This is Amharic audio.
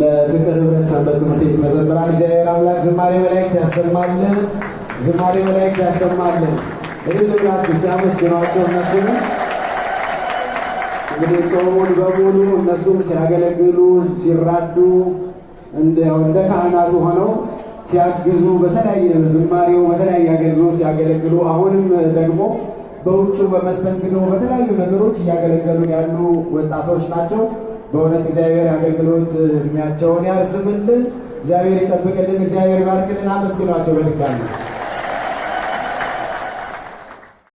ለፍቅር ህብረት ሰንበት ትምህርት ቤት መዘምራን እግዚአብሔር አምላክ ዝማሬ መላእክት ያሰማልን፣ ዝማሬ መላእክት ያሰማልን። እልል ብላችሁ እስቲ አመስግኗቸው። እንግዲህ ጾሙን በሙሉ እነሱም ሲያገለግሉ ሲራዱ እንደ ካህናቱ ሆነው ሲያግዙ በተለያየ ዝማሬው በተለያየ አገልግሎት ሲያገለግሉ አሁንም ደግሞ በውጩ በመስተንግዶ በተለያዩ ነገሮች እያገለገሉ ያሉ ወጣቶች ናቸው። በእውነት እግዚአብሔር አገልግሎት እድሜያቸውን ያርዝምልን፣ እግዚአብሔር ይጠብቅልን፣ እግዚአብሔር ይባርክልን። አመስግኗቸው በድጋሚ